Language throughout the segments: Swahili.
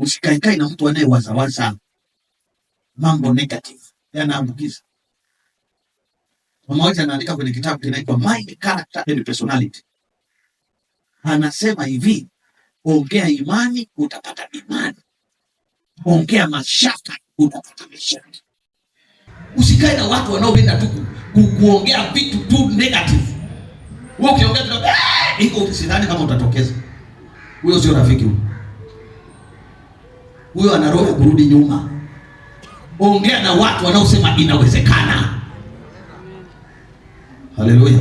usikaikai na mtu anayewazawaza mambo negative, yanaambukiza. Mmoja anaandika kwenye kitabu kinaitwa Mind Character and Personality, anasema hivi, ongea imani utapata imani, ongea mashaka utapata mashaka. Usikae na watu wanaopenda tu kuongea vitu tu negative. Wewe ukiongea tu, iko kama utatokeza. Huyo sio rafiki huyo huyo ana roho ya kurudi nyuma. Ongea na watu wanaosema inawezekana. Haleluya,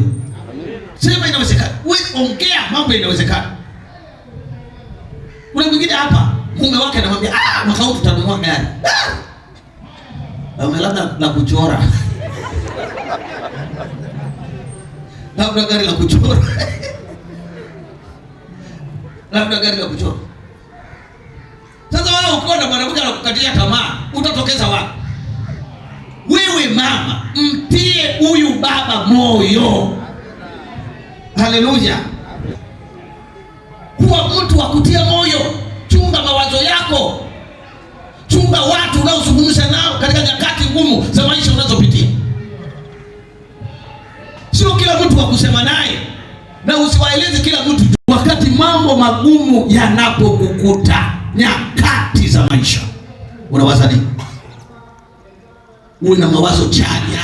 sema inawezekana. Wewe ongea mambo inawezekana. Kuna mwingine hapa mume wake anamwambia ah, mwaka huu tutanunua gari ah, labda la kuchora labda gari la kuchora labda gari la kuchora ukiwa na mwanamke anakukatia tamaa, utatokeza wapi? Wewe mama, mtie huyu baba moyo. Haleluya! Kuwa mtu wa kutia moyo. Chunga mawazo yako, chunga watu unaozungumza nao katika nyakati ngumu za maisha unazopitia. Sio kila mtu wa kusema naye, na usiwaeleze kila mtu wakati mambo magumu yanapokukuta nya Unawaza nini? Uwe na mawazo chanya,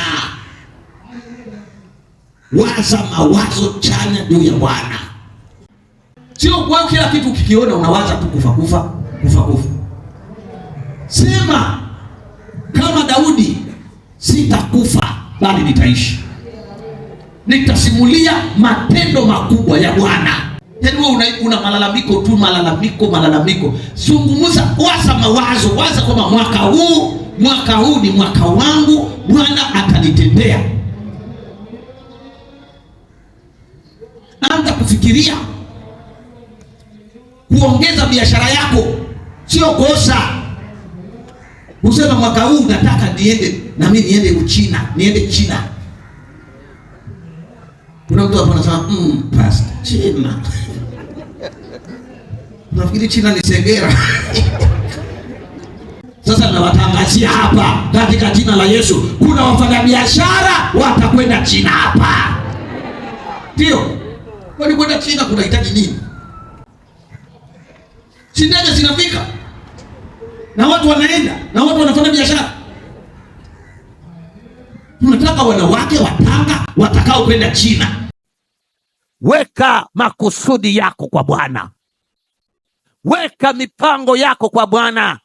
waza mawazo chanya juu ya Bwana, sio kwa kila kitu ukikiona unawaza tu kufa kufa kufa kufa. Sema kama Daudi, sitakufa bali nitaishi, nitasimulia matendo makubwa ya Bwana. Yaani wewe una, una malalamiko tu malalamiko malalamiko. Zungumza, waza mawazo, waza kwamba mwaka huu mwaka huu ni mwaka wangu, Bwana atanitendea. Anza kufikiria kuongeza biashara yako, sio kosa. Usema mwaka huu nataka niende na mimi niende Uchina, niende China. Kuna mtu hapo anasema mm, pastor, China Nafikiri China ni Segera. Sasa nawatangazia hapa katika jina la Yesu, kuna wafanyabiashara watakwenda China hapa. Ndio kwani kwenda China kunahitaji nini? Si ndege zinafika na watu wanaenda na watu wanafanya biashara. Tunataka wanawake watanga watakaokwenda China. Weka makusudi yako kwa Bwana. Weka mipango yako kwa Bwana.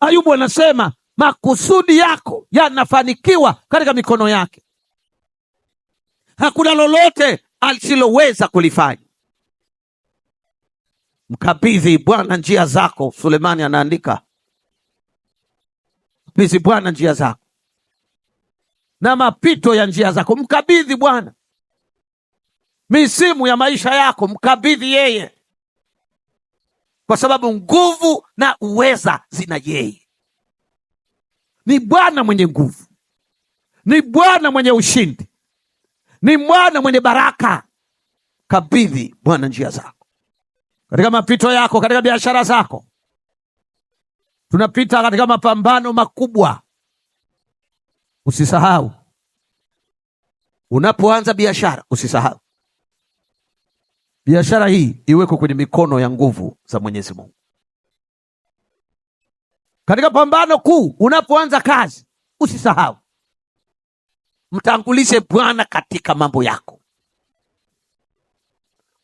Ayubu anasema makusudi yako yanafanikiwa katika mikono yake. Hakuna lolote alisiloweza kulifanya. Mkabidhi Bwana njia zako, Sulemani anaandika, mkabidhi Bwana njia zako na mapito ya njia zako, mkabidhi Bwana misimu ya maisha yako, mkabidhi yeye kwa sababu nguvu na uweza zina yeye. Ni Bwana mwenye nguvu, ni Bwana mwenye ushindi, ni Bwana mwenye baraka. Kabidhi Bwana njia zako, katika mapito yako, katika biashara zako. Tunapita katika mapambano makubwa. Usisahau unapoanza biashara, usisahau Biashara hii iwekwe kwenye mikono ya nguvu za Mwenyezi Mungu. Katika pambano kuu, unapoanza kazi usisahau, mtangulize Bwana katika mambo yako,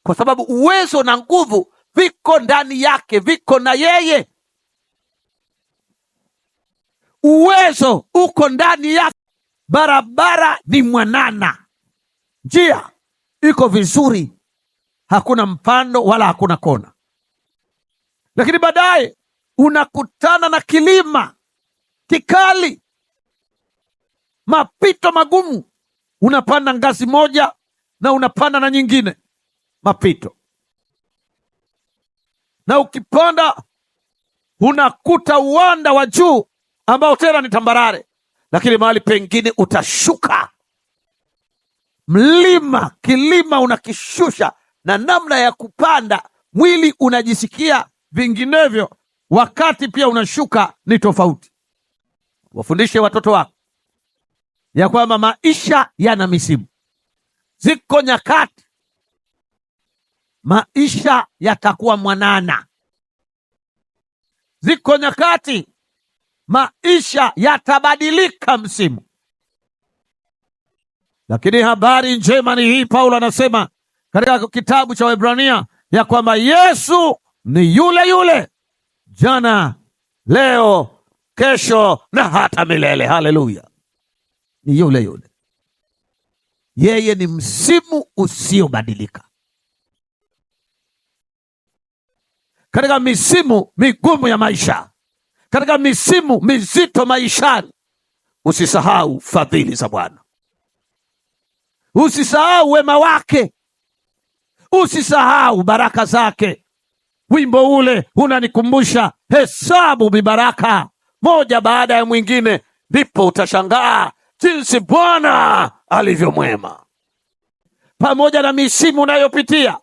kwa sababu uwezo na nguvu viko ndani yake, viko na yeye. Uwezo uko ndani yake. Barabara ni mwanana, njia iko vizuri hakuna mpando wala hakuna kona, lakini baadaye unakutana na kilima kikali, mapito magumu. Unapanda ngazi moja na unapanda na nyingine, mapito na ukipanda unakuta uwanda wa juu ambao tena ni tambarare, lakini mahali pengine utashuka mlima, kilima unakishusha na namna ya kupanda, mwili unajisikia vinginevyo, wakati pia unashuka ni tofauti. Wafundishe watoto wako ya kwamba maisha yana misimu. Ziko nyakati maisha yatakuwa mwanana, ziko nyakati maisha yatabadilika msimu, lakini habari njema ni hii. Paulo anasema katika kitabu cha Waebrania ya kwamba Yesu ni yule yule jana, leo, kesho na hata milele. Haleluya, ni yule yule, yeye ni msimu usiobadilika. Katika misimu migumu ya maisha, katika misimu mizito maishani, usisahau fadhili za Bwana, usisahau wema wake Usisahau baraka zake. Wimbo ule unanikumbusha, hesabu mibaraka moja baada ya mwingine, ndipo utashangaa jinsi Bwana alivyo mwema. Pamoja na misimu unayopitia,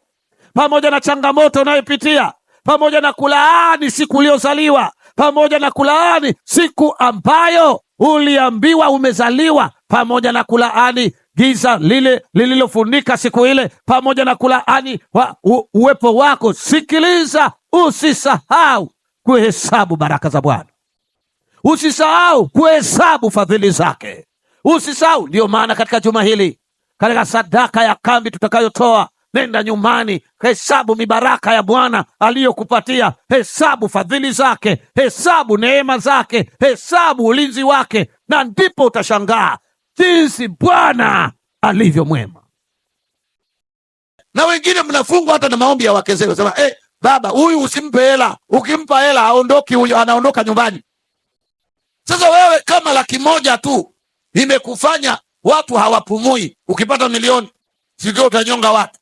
pamoja na changamoto unayopitia, pamoja na kulaani siku uliyozaliwa, pamoja na kulaani siku ambayo uliambiwa umezaliwa, pamoja na kulaani giza lile lililofunika siku ile pamoja na kulaani wa u, uwepo wako. Sikiliza, usisahau kuhesabu baraka za Bwana, usisahau kuhesabu fadhili zake, usisahau. Ndiyo maana katika juma hili, katika sadaka ya kambi tutakayotoa Nenda nyumbani, hesabu mibaraka ya Bwana aliyokupatia, hesabu fadhili zake, hesabu neema zake, hesabu ulinzi wake, na ndipo utashangaa jinsi Bwana alivyo mwema. Na wengine mnafungwa hata na maombi ya wake zenu, sema eh, baba huyu usimpe hela, ukimpa hela aondoki huyo, anaondoka nyumbani. Sasa wewe kama laki moja tu imekufanya watu hawapumui, ukipata milioni sikio utanyonga watu.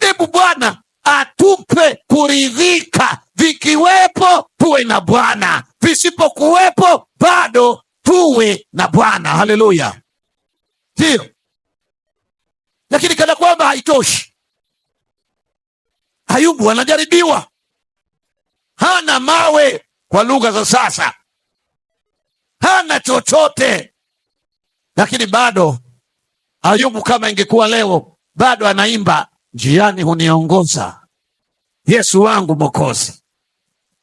ebu Bwana atupe kuridhika, vikiwepo tuwe na Bwana, visipokuwepo bado tuwe na Bwana. Haleluya, ndiyo. Lakini kana kwamba haitoshi, Ayubu anajaribiwa, hana mawe kwa lugha za sasa, hana chochote, lakini bado Ayubu, kama ingekuwa leo, bado anaimba njiani huniongoza Yesu wangu Mwokozi,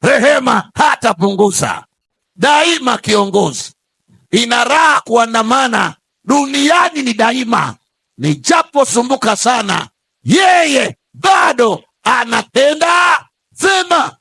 rehema hatapunguza daima, kiongozi ina raha kuandamana duniani ni daima, nijaposumbuka sana, yeye bado anatenda zema.